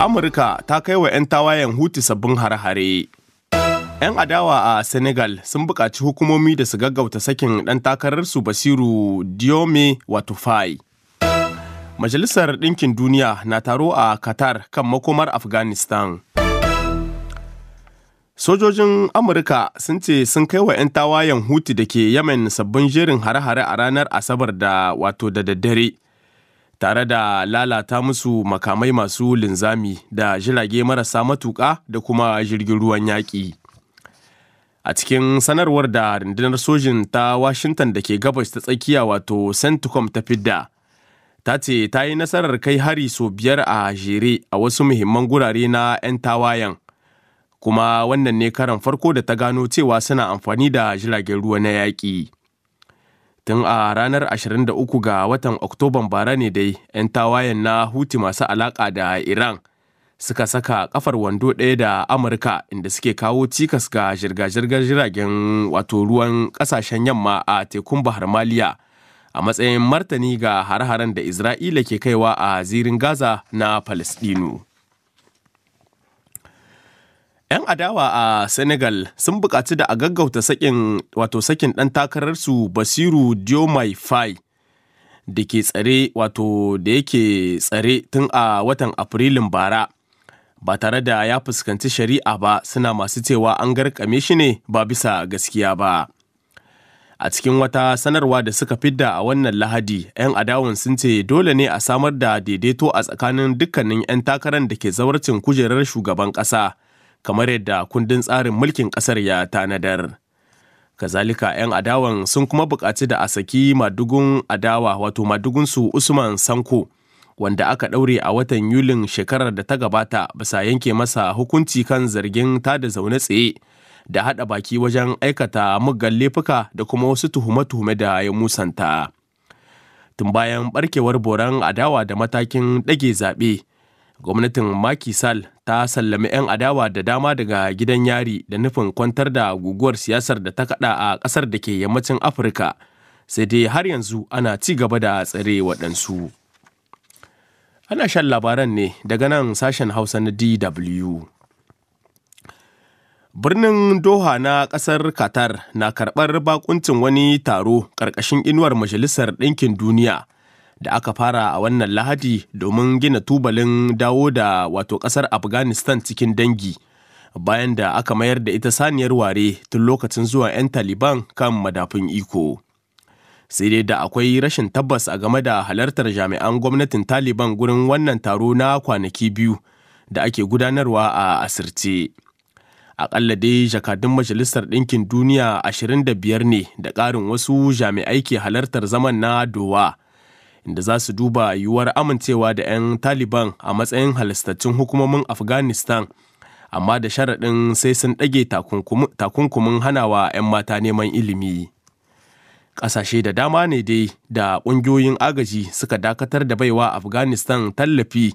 Amurka ta kai wa 'yan tawayen hutu sabbin hare-hare. 'Yan adawa a Senegal sun buƙaci hukumomi da su gaggauta sakin ɗan takararsu Basiru Diome Watufai. Majalisar Ɗinkin Duniya na taro a Qatar kan makomar Afghanistan. Sojojin Amurka sun ce sun kai wa 'yan tawayen hutu da ke Yemen sabbin jerin hare-hare a ranar Asabar da wato da daddare. tare da lalata musu makamai masu linzami da jirage marasa matuƙa da kuma jirgin ruwan yaƙi. A cikin sanarwar da rundunar sojin ta Washington da ke gabas ta tsakiya wato Centcom ta fidda, ta ce ta yi nasarar kai hari sau biyar a jere a wasu muhimman gurare na 'yan tawayen. Kuma wannan ne karan farko da ta gano cewa suna amfani da jiragen ruwa na yaƙi. tun a ranar 23 ga watan oktoban bara ne dai 'yan tawayen na huti masu alaƙa da iran suka saka kafar wando ɗaya da amurka inda suke kawo cikas ga zirga-zirgar jiragen wato ruwan ƙasashen yamma a tekun bahar maliya a matsayin martani ga har-haren da isra'ila ke kaiwa a zirin gaza na palestinu 'Yan adawa a Senegal sun buƙaci da a gaggauta sakin wato sakin ɗan takararsu Basiru Diomaye Faye da ke tsare wato da yake tsare tun a watan Afrilun bara ba tare da ya fuskanci shari'a ba suna masu cewa an garkame shi ne ba bisa gaskiya ba. a cikin wata sanarwa da suka fidda a wannan lahadi 'yan adawan sun ce dole ne a samar da daidaito a tsakanin dukkanin 'yan takarar da ke zawarcin kujerar shugaban ƙasa kamar yadda kundin tsarin mulkin kasar ya tanadar. Kazalika 'yan adawan sun kuma buƙaci da a saki madugun adawa wato madugunsu Usman Sanko wanda aka ɗaure a watan Yulin shekarar da ta gabata bisa yanke masa hukunci kan zargin tada zaune tsaye da haɗa baki wajen aikata muggan laifuka da kuma wasu tuhume-tuhume da ya musanta. Tun bayan barkewar boran adawa da matakin ɗage zaɓe. gwamnatin Macky Sall ta sallami 'yan adawa da dama daga gidan yari da nufin kwantar da guguwar siyasar da ta kada a ƙasar da ke yammacin Afirka, sai dai har yanzu ana ci gaba da tsare waɗansu. Ana shan labaran ne daga nan sashen Hausa na DW. Birnin Doha na ƙasar Qatar na karɓar bakuncin wani taro ƙarƙashin inuwar Majalisar Ɗinkin Duniya. da aka fara a wannan lahadi domin gina tubalin dawo da wato kasar afghanistan cikin dangi bayan da aka mayar da ita saniyar ware tun lokacin zuwa 'yan taliban kan madafin iko sai dai da akwai rashin tabbas a game da halartar jami'an gwamnatin taliban gurin wannan taro na kwanaki biyu da ake gudanarwa a asirce akalla dai jakadun majalisar ɗinkin duniya 25 ne da ƙarin wasu jami'ai ke halartar zaman na dowa inda za su duba yiwuwar amincewa da 'yan taliban a matsayin halastattun hukumomin afghanistan amma da sharaɗin sai sun ɗage takunkumin hanawa 'yan mata neman ilimi ƙasashe da dama ne dai da ƙungiyoyin agaji suka dakatar da baiwa afghanistan tallafi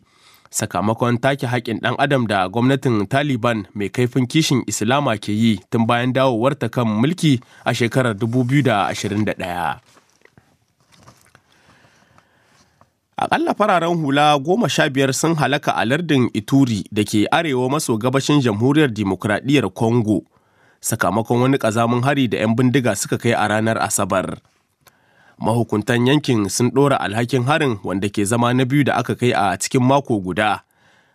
sakamakon take haƙƙin ɗan adam da gwamnatin taliban mai kaifin kishin islama ke yi tun bayan dawowarta kan mulki a shekarar 2021 Akalla fararen hula goma sha biyar sun halaka a lardin Ituri da ke arewa maso gabashin jamhuriyar dimokuraɗiyyar Congo sakamakon wani ƙazamin hari da 'yan bindiga suka kai a ranar Asabar. Mahukuntan yankin sun ɗora alhakin harin wanda ke zama na biyu da aka kai a cikin mako guda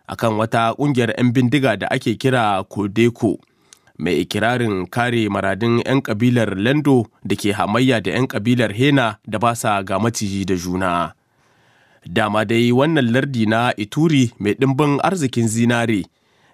akan wata ƙungiyar 'yan bindiga da ake kira Kodeko mai ikirarin kare maradin 'yan ƙabilar Lendo da ke hamayya da 'yan ƙabilar Hena da ba sa ga maciji da juna. Dama dai wannan lardi na Ituri mai ɗimbin arzikin zinare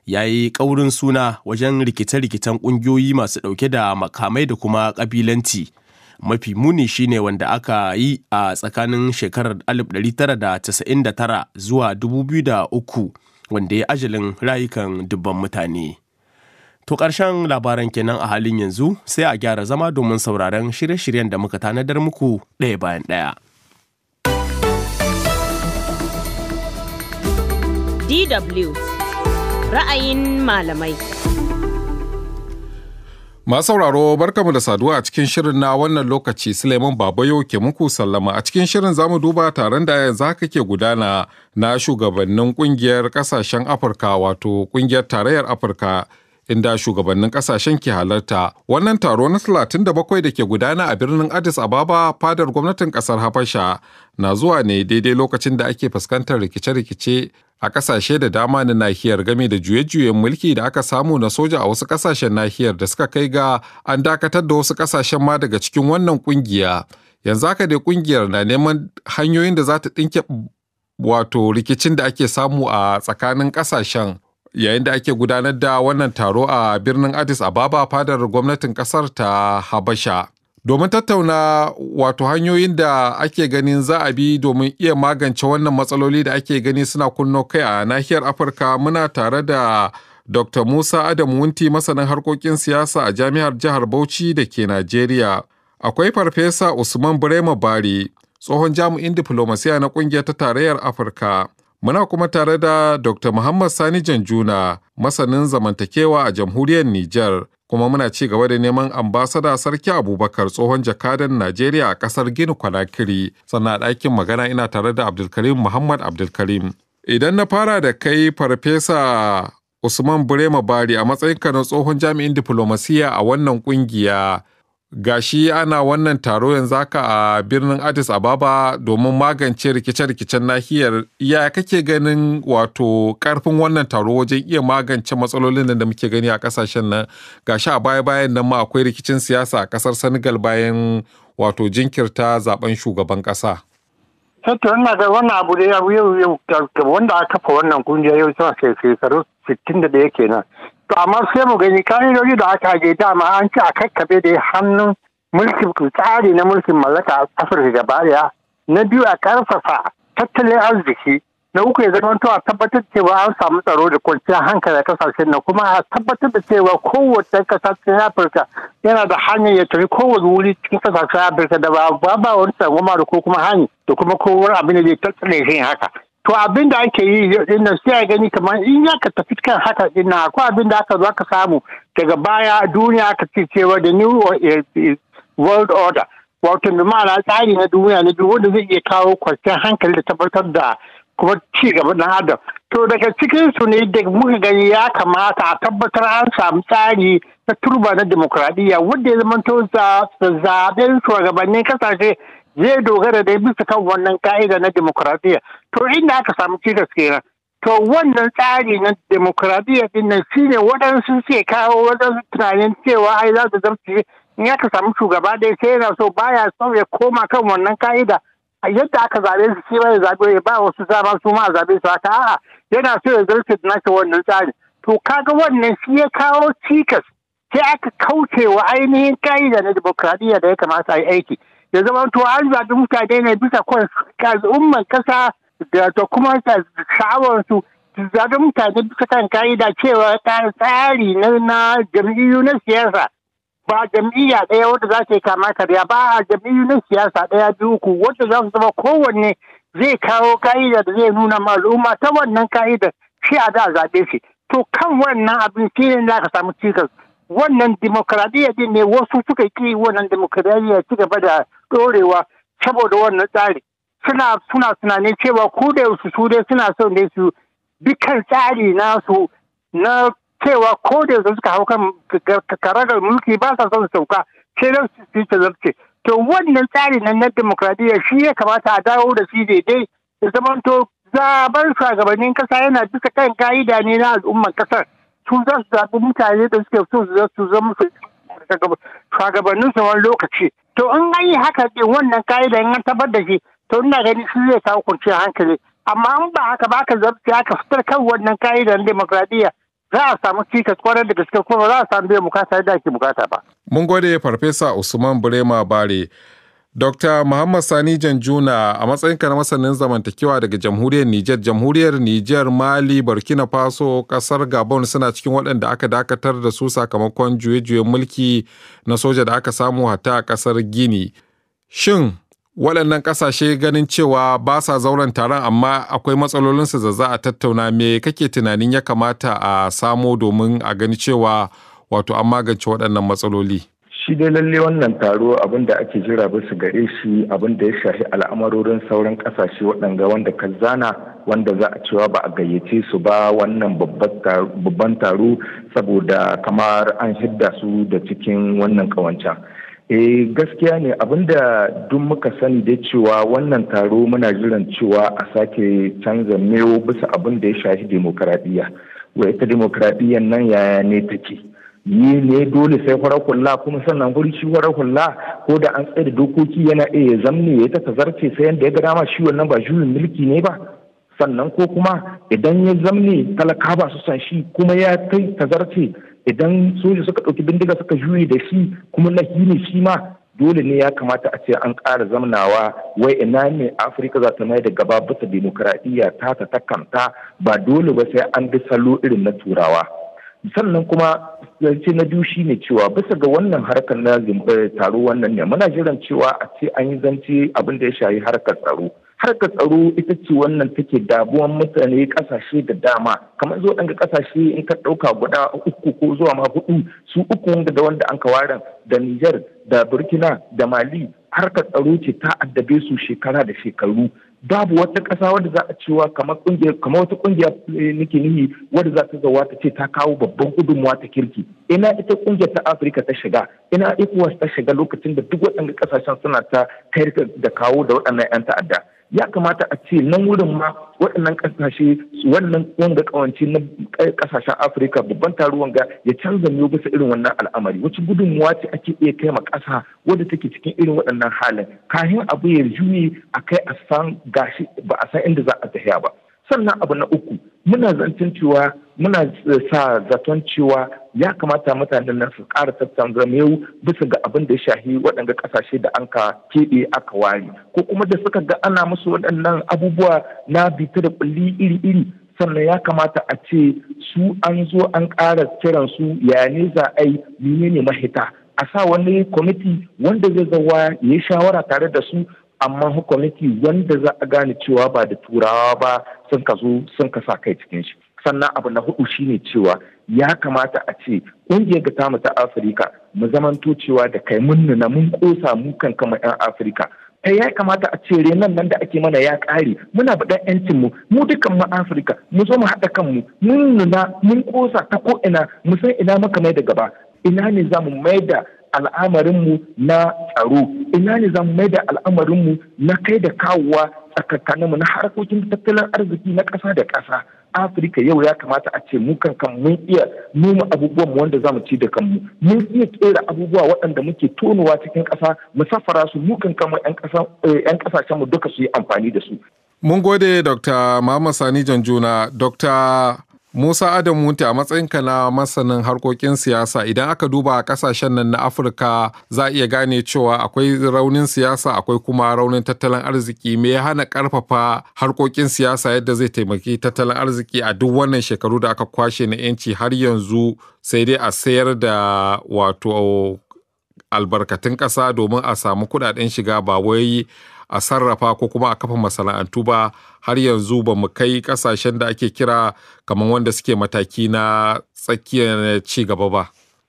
ya yi ƙaurin suna wajen rikice-rikicen ƙungiyoyi masu ɗauke da makamai da kuma ƙabilanci. Mafi muni shine wanda aka yi a tsakanin shekarar 1999 zuwa 2003 wanda ya ajalin rayukan dubban mutane. To ƙarshen labaran kenan a halin yanzu sai a gyara zama domin sauraron shirye-shiryen da muka tanadar muku ɗaya bayan ɗaya. DW ra'ayin malamai. Masu sauraro barkamu da saduwa a cikin shirin na wannan lokaci Suleiman Babayo ke muku sallama a cikin shirin zamu duba taron da yanzu haka ke gudana na shugabannin kungiyar kasashen Afirka wato kungiyar tarayyar Afirka inda shugabannin kasashen ke halarta wannan taro na 37 da ke gudana a birnin addis ababa fadar gwamnatin kasar habasha na zuwa ne daidai lokacin da ake fuskantar rikice-rikice a kasashe da dama na nahiyar game da juye-juyen mulki da aka samu na soja a wasu kasashen nahiyar da suka kai ga an dakatar da wasu kasashen ma daga cikin wannan kungiya yanzu haka dai kungiyar na neman hanyoyin da za ta dinke wato rikicin da ake samu a tsakanin kasashen yayin da ake gudanar da wannan taro a birnin addis ababa fadar gwamnatin kasar ta habasha domin tattauna wato hanyoyin da ake ganin za a bi domin iya magance wannan matsaloli da ake gani suna kunno kai a nahiyar afirka muna tare da dr musa adamu wunti masanin harkokin siyasa a jami'ar jihar bauchi da ke najeriya akwai farfesa usman burema bari tsohon jami'in diflomasiya na kungiyar ta tarayyar afirka Muna kuma tare da Dr. Muhammad Sani Janjuna, masanin zamantakewa a jamhuriyar Nijar, kuma muna ci gaba da neman ambasada Sarki Abubakar tsohon jakadan Najeriya a ƙasar Gini kwanakiri Sannan a ɗakin magana ina tare da Abdulkarim Muhammad Abdulkarim. Idan na fara da kai Farfesa Usman Burema Bari a matsayin na tsohon jami'in diflomasiya a wannan ƙungiya. gashi ana wannan taro yanzu haka a birnin addis ababa domin magance rikice-rikicen nahiyar ya kake ganin wato karfin wannan taro wajen iya magance matsalolin da muke gani a kasashen nan gashi a baya-bayan nan ma akwai rikicin siyasa a kasar senegal bayan wato jinkirta zaben shugaban kasa Sato eh, ina ga wannan abu da ya yau wanda aka kafa wannan kungiya yau sai shekaru 61 kenan to amma sai mu gani ka'idoji da aka je dama an ci a kakkabe da hannun mulkin tsari na mulkin mallaka a afirka da daya na biyu a karfafa tattalin arziki na uku ya zama to a tabbatar cewa an samu tsaro da kwanciyar hankali a kasashen nan kuma a tabbatar da cewa kowace kasa cikin afirka yana da hanyar ya tafi kowane wuri cikin kasashen afirka da ba ba wani tsangwama da ko kuma hanyar da kuma kowar abin da zai tattalin shi haka to abinda ake yi inda sai a gani kamar in ya ka tafi kan haka dinnan akwai abin da aka zo aka samu daga baya duniya aka ce cewa da new world order wato da ma'ana tsari na duniya na duniya wanda zai iya kawo kwanciyar hankali da tabbatar da kuma ci gaba na adam to daga cikin su ne da muka gani ya kamata a tabbatar an samu tsari na turba na demokradiyya wanda ya zama to zaben shugabannin kasashe zai dogara da bisa kan wannan ka'ida na demokradiyya to inda aka samu cikas kenan to wannan tsari na demokradiyya din nan ne waɗansu suke kawo wajen tunanin cewa ai za su zarce in aka samu shugaba dai sai yana so baya son ya koma kan wannan ka'ida A yadda aka zabe su shi ba ya zabe ya ba wasu dama su ma zabe su haka a'a yana so ya zarce da nasa wannan tsari to kaga wannan shi ya kawo cikas sai aka kauce wa ainihin ka'ida na demokradiyya da ya kamata a yi aiki ya zama to an zaɓi mutane ne bisa kwan al'ummar ƙasa da ta kuma sha'awarsu zaɓi mutane bisa kan ka'ida cewa tsari na jam'iyyu na siyasa ba jam'iyya ɗaya wadda za ta yi kama karya ba a jam'iyyu na siyasa ɗaya biyu uku wadda za su zama kowanne zai kawo ka'ida da zai nuna ma al'umma ta wannan ka'idar shi a da zaɓe shi to kan wannan abin shi ne za ka samu cikas wannan demokradiyya din ne wasu suka ki wannan demokradiyya ci gaba da dorewa saboda wannan tsari suna suna tunanin cewa ko da yaushe su dai suna son dai su bi kan tsari nasu na cewa ko da yaushe suka hau kan karagar mulki ba sa son sauka sai dan su yi tazarce to wannan tsari na na demokradiyya shi ya kamata a dawo da shi daidai da zamanto zaben shugabannin kasa yana duka kan ka'ida ne na al'ummar kasar su za su mutane da suke so su zama su shugabannin su wani lokaci to in an yi haka din wannan ka'ida in an tabar da shi to ina gani shi zai kawo kwanciyar hankali amma in ba haka ba ka zarce aka fitar kan wannan ka'idan demokradiyya za a samu cikas kwarar da gaske kuma za a samu biyan bukata da ake bukata ba. Mun gode Farfesa Usman birema Bare. Dr. Muhammad Sani Janjuna a matsayinka na masanin zamantakewa daga jamhuriyar Nijar, jamhuriyar Nijar, Mali, Burkina Faso, kasar Gabon suna cikin waɗanda aka dakatar da su sakamakon juye-juyen mulki na soja da aka samu hata a kasar Gini. Shin waɗannan ƙasashe ganin cewa ba sa zauren taron amma akwai matsalolinsu da za a tattauna me kake tunanin ya kamata a samo domin a gani cewa wato an magance waɗannan matsaloli? shi dai lalle wannan taro abin da ake jira su gare shi abin da ya shafi al'amarorin sauran kasashe waɗanga wanda ka zana wanda za a cewa ba a gayyace su ba wannan babban taro saboda kamar an hidda su da cikin wannan kawancan eh gaskiya ne abin da duk muka sani da cewa wannan taro muna jiran cewa a sake canza mewo bisa abin da ya shafi demokradiyya Wai ita demokaradiyyar nan yaya ne take yi ne dole sai farar hula kuma sannan guri shi farar kula ko da an tsaye da dokoki yana iya zamne ya ta tazarce sai da ya ga dama shi wannan ba juyin mulki ne ba sannan ko kuma idan ya zamne talaka ba su san shi kuma ya kai tazarce idan soja suka ɗauki bindiga suka juye da shi kuma na ne shi ma dole ne ya kamata a ce an ƙara zamnawa wai ina ne afirka za ta mai da gaba bisa demokuraɗiyya ta ta takanta ba dole ba sai an bi salo irin na turawa sannan kuma zance na biyu shine cewa bisa ga wannan harkar na taro wannan ne muna jiran cewa a ce an yi zance abin da ya shayi harkar tsaro harkar tsaro ita ce wannan take damuwan mutane kasashe da dama kamar zo ɗanga kasashe in ka ɗauka guda uku ko zuwa ma hudu su uku wanda da wanda an kawaran da Nijar da Burkina da Mali harkar tsaro ce ta addabe su shekara da shekaru babu wata ƙasa wadda za a cewa kamar wata ƙungiya eh, nake nihi wadda za ta zawa ta ce ta kawo babban gudunmuwa ta kirki ina ita ƙungiyar ta afirka ta shiga ina ikuwa ta shiga lokacin da duk waɗanda kasashen suna ta kai da kawo da waɗannan 'yan ta'adda ya kamata a ce nan wurin ma waɗannan ƙasashe wannan wanga ƙawance na ƙasashen afirka babban taro wanga ya canza miyo bisa irin wannan al'amari wacce gudunmuwa ce ake iya kai ma ƙasa wadda take cikin irin waɗannan halin kayan abu ya juye a kai a san gashi ba a san inda za a tafiya ba sannan abu na uku muna zancen cewa muna eh, sa zaton cewa ya kamata mutanen nan su ƙara zama yau bisa ga abin da ya shahi waɗanda ƙasashe da an ka keɓe aka ware ko kuma da suka ga ana musu waɗannan abubuwa na bita da ƙulli iri-iri sannan ya kamata a ce su an zo an ƙara kiran su ya ne za a yi ne mahita a sa wani kwamiti wanda zai zawa ya yi shawara tare da su amma kwamiti wanda za a gane cewa ba da turawa ba sun ka zo sun ka sa kai cikin shi sannan abu na hudu shine cewa ya kamata a ce ƙungiyar ga tamu ta afirka mu zamanto cewa da kai mun nuna mun kosa mu kan kama 'yan afirka ta ya kamata a ce renon nan da ake mana ya kare muna baɗan yancin mu mu dukan mu afirka mu zo mu haɗa kanmu mun nuna mun kosa ta ko ina mu san ina muka mai da gaba ina ne za mu mai da al'amarinmu na tsaro ina ne za mu mai da al'amarinmu na kai da kawowa tsakankaninmu na harkokin tattalin arziki na ƙasa da ƙasa afirka yau ya kamata a ce mu kan kan mun iya noma abubuwan mu wanda zamu ci da kanmu mun iya kera abubuwa waɗanda muke tonowa cikin ƙasa mu safara su mu kan kan yan eh, ƙasashen mu duka su yi amfani da su mun gode dr mama sani janjuna dr Musa adamu Wunti a matsayinka na masanin harkokin siyasa idan aka duba kasashen nan na Afirka za a iya gane cewa akwai raunin siyasa akwai kuma raunin tattalin arziki me ya hana karfafa harkokin siyasa yadda zai taimaki tattalin arziki a duk wannan shekaru da aka kwashe na yanci har yanzu sai dai a sayar da wato albarkatun ƙasa domin a samu kuɗaɗen shiga ba wai a sarrafa ko kuma a kafa masana'antu ba har yanzu ba mu kai kasashen da ake kira kamar wanda suke mataki na tsakiyar ci gaba ba.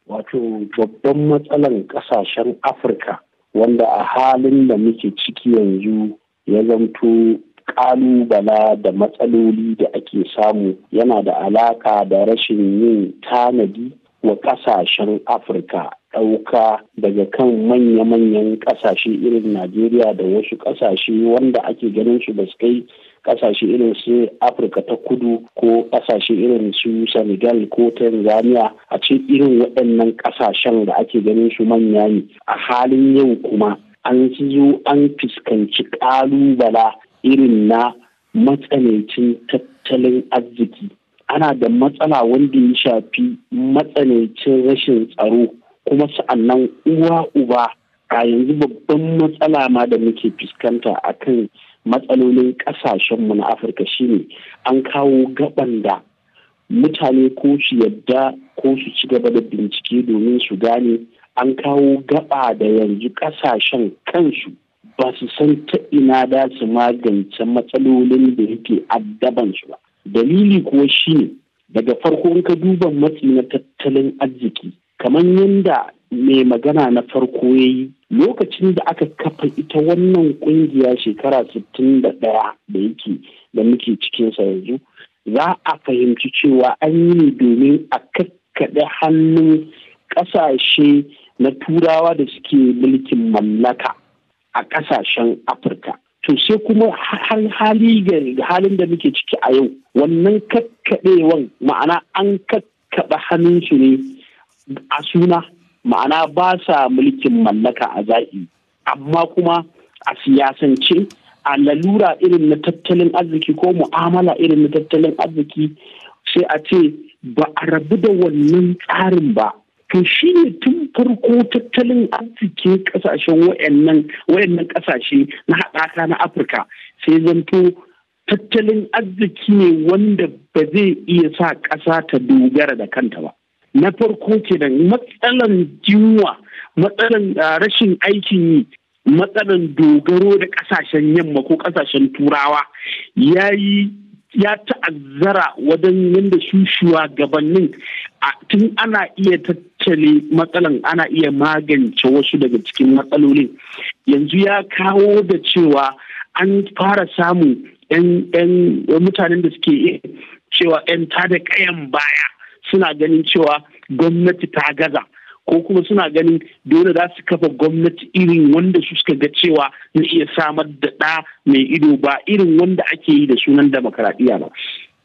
Wato babban matsalar kasashen Afirka wanda a halin da muke ciki yanzu ya zamto kalubala da matsaloli da ake samu yana da alaka da rashin yin tanadi wa kasashen afirka ɗauka daga kan manya-manyan kasashe irin najeriya da wasu kasashe wanda ake ganin su ba kai kasashe irin su afirka ta kudu ko kasashe irin su senegal ko tanzania a ce irin waɗannan kasashen da ake ganin su manya ne a halin yau kuma an zo an fuskanci ƙalubala irin na matsanancin tattalin arziki ana da matsala wanda ya shafi matsanancin rashin tsaro kuma sa'annan uwa uba a yanzu babban matsala ma da muke fuskanta A kan matsalolin kasashenmu na afirka shine an kawo gaban da mutane ko su yadda ko su ci gaba da bincike domin su gane an kawo gaba da yanzu kasashen kansu ba su san ta ina da su magance matsalolin da yake addabansu ba dalili kuwa shi ne daga farko in ka duba matsi na tattalin arziki kamar yadda mai magana na farko ya yi lokacin da aka kafa ita wannan kungiya shekara sittin da yake da muke cikinsa yanzu za a fahimci cewa an yi ne domin a kakkaɗe hannun ƙasashe na turawa da suke mulkin mallaka a ƙasashen afirka to sai kuma har hali ga halin da muke ciki a yau wannan kakkaɓewan ma'ana an kakkaɓe hannunsu ne a suna ma'ana ba sa mulkin mallaka a zaɓi amma kuma a siyasance a lalura irin na tattalin arziki ko mu'amala irin na tattalin arziki sai a ce ba a rabu da wannan tsarin ba to shi ne tun farko tattalin arziki kasashen wayannan wayannan kasashe na haɗaka na afirka sai zanto tattalin arziki ne wanda ba zai iya sa ƙasa ta dogara da kanta ba na farko kenan matsalan jinwa matsalan ah, rashin aikin yi matsalan dogaro da ƙasashen yamma ko ƙasashen turawa ya yi ya ta'azzara wajen yadda su gabanin tun ana iya tattale matsalan ana iya magance wasu daga cikin matsalolin yanzu ya kawo da cewa an fara samun 'yan mutanen da suke cewa 'yan tada kayan baya suna ganin cewa gwamnati ta gaza ko kuma suna ganin dole za su kafa gwamnati irin wanda su suka ga cewa na iya samar da ɗa mai ido ba irin wanda ake yi da sunan demokaradiyya ba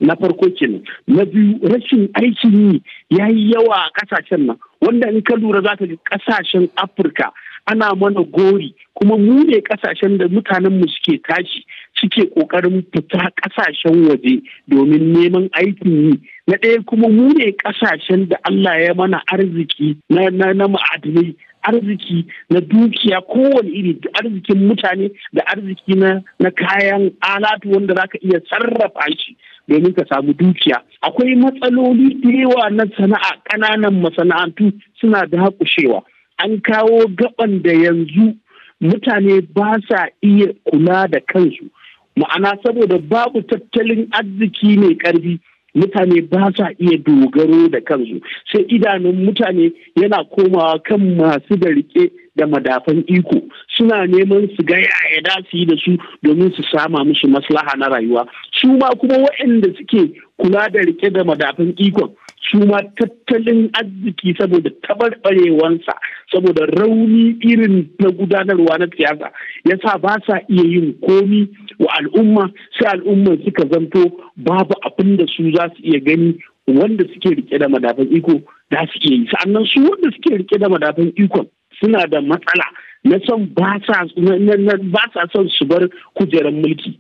na farko kenan na biyu rashin aikin yi ya yi yawa a ƙasashen nan wanda in ka lura za ka ga kasashen afirka ana mana gori kuma mu ne kasashen da mutanen mu suke tashi suke kokarin fita kasashen waje domin neman aikin yi na ɗaya kuma mu ne kasashen da Allah ya mana arziki na ma'adinai arziki na dukiya kowane iri arzikin mutane da arziki na kayan alatu wanda za ka iya sarrafa shi domin ka samu dukiya akwai matsaloli da yawa na sana'a ƙananan masana'antu suna da haƙushewa an kawo gaban da yanzu mutane ba sa iya kula da kansu ma'ana saboda babu tattalin arziki mai ƙarfi mutane ba sa iya dogaro da kansu sai idanun mutane yana komawa kan masu da rike da madafan iko suna neman su ga yaya da su yi da su domin su sama musu maslaha na rayuwa su ma kuma waɗanda suke kula da rike da madafan ikon su ma tattalin arziki saboda tabarbarewansa saboda rauni irin na gudanarwa na siyasa ya sa ba sa iya yin komi wa al'umma sai al'umma suka zanto babu abin da su za su iya gani wanda suke rike da madafan iko da su iya yi sa'annan su wanda suke rike da madafan ikon suna da matsala na son ba sa son su bar kujerar mulki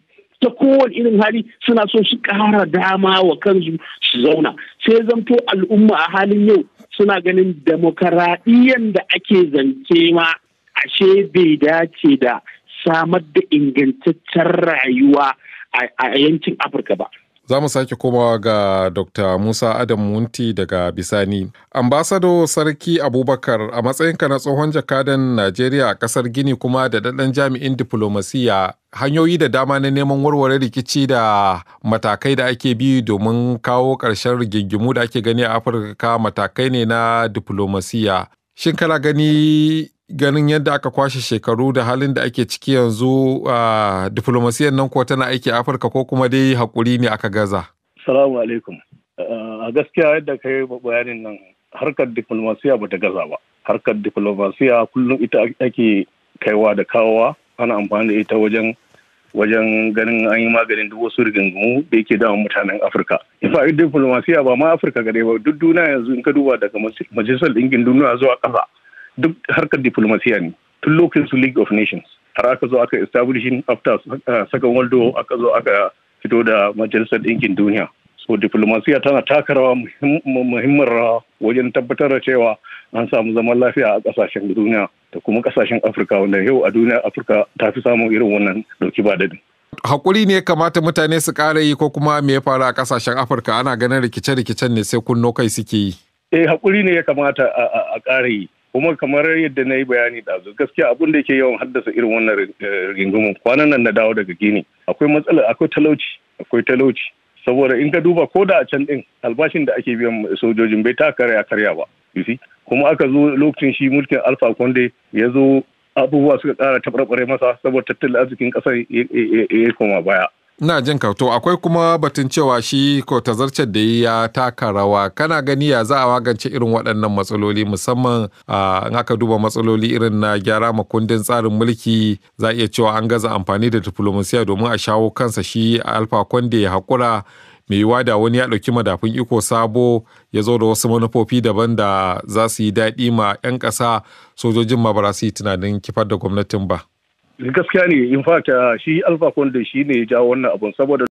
ta kowane irin hali suna so su ƙara dama wa kansu su zauna sai zamto al'umma a halin yau suna ganin demokaradiyyar da ake zance ma ashe bai dace da samar da ingantaccen rayuwa a yankin afirka ba Za mu sake komawa ga Dr. Musa Adam Munti daga Bisani. Ambasado Sarki Abubakar a matsayinka na tsohon jakadan Najeriya a ƙasar Gini kuma da daɗan jami'in diflomasiya hanyoyi da dama na neman warware rikici da matakai da ake bi domin kawo ƙarshen rigingimu da ake gani a Afirka matakai ne na diflomasiya. Shin kana gani ganin yadda aka kwashe shekaru da halin da ake ciki yanzu a diplomasiyan nan ko tana aiki a afirka ko kuma dai hakuri ne aka gaza salamu alaikum a gaskiya yadda ka yi bayanin nan harkar diflomasiya ba ta gaza ba harkar diflomasiya kullum ita ake kaiwa da kawowa ana amfani da ita wajen wajen ganin an yi maganin duk wasu rigingimu da yake damun mutanen afirka ifa diplomasiya ba ma afirka gare ba duk duniya yanzu in ka duba daga majalisar ɗinkin duniya zuwa ƙasa duk harkar diplomasiya ne tun lokacin su league of nations har aka zo aka establishing after uh, second world war aka zo aka fito da majalisar ɗinkin duniya so diplomasiya tana taka rawa muhimmin rawa wajen tabbatar da cewa an samu zaman lafiya a ƙasashen duniya da kuma ƙasashen afirka wanda yau a duniya afirka ta fi samun irin wannan ɗauki ba daɗin hakuri ne kamata mutane su ƙara yi ko kuma me ya faru a ƙasashen afirka ana ganin rikice-rikicen ne sai kunno kai suke yi eh hakuri ne ya kamata a ƙara yi kuma kamar yadda na yi bayani ɗazu gaskiya abin da ke yawan haddasa irin wannan eh, rigingimu kwanan nan na dawo daga gini akwai matsala akwai talauci akwai talauci saboda in ka duba ko da a can din albashin da ake biyan sojojin bai ta karya karya ba yusi kuma aka zo lokacin shi mulkin alfa konde ya zo abubuwa suka ƙara taɓarɓare masa saboda tattalin arzikin ƙasar ya koma baya Ina jin ka akwai kuma batun cewa shi ko tazarcen da ya taka rawa kana gani ya za a magance irin waɗannan matsaloli musamman in aka duba matsaloli irin na gyara makundin tsarin mulki za iya cewa an gaza amfani da diplomasiya domin a shawo kansa shi alfa konde ya haƙura mai yiwa da wani ya ɗauki madafin iko sabo ya zo da wasu manufofi daban da za su yi daɗi ma 'yan ƙasa sojojin ma ba za su yi tunanin kifar da gwamnatin ba. gaskiya ne in fata shi alfa konde shi ne ya ja wannan abun saboda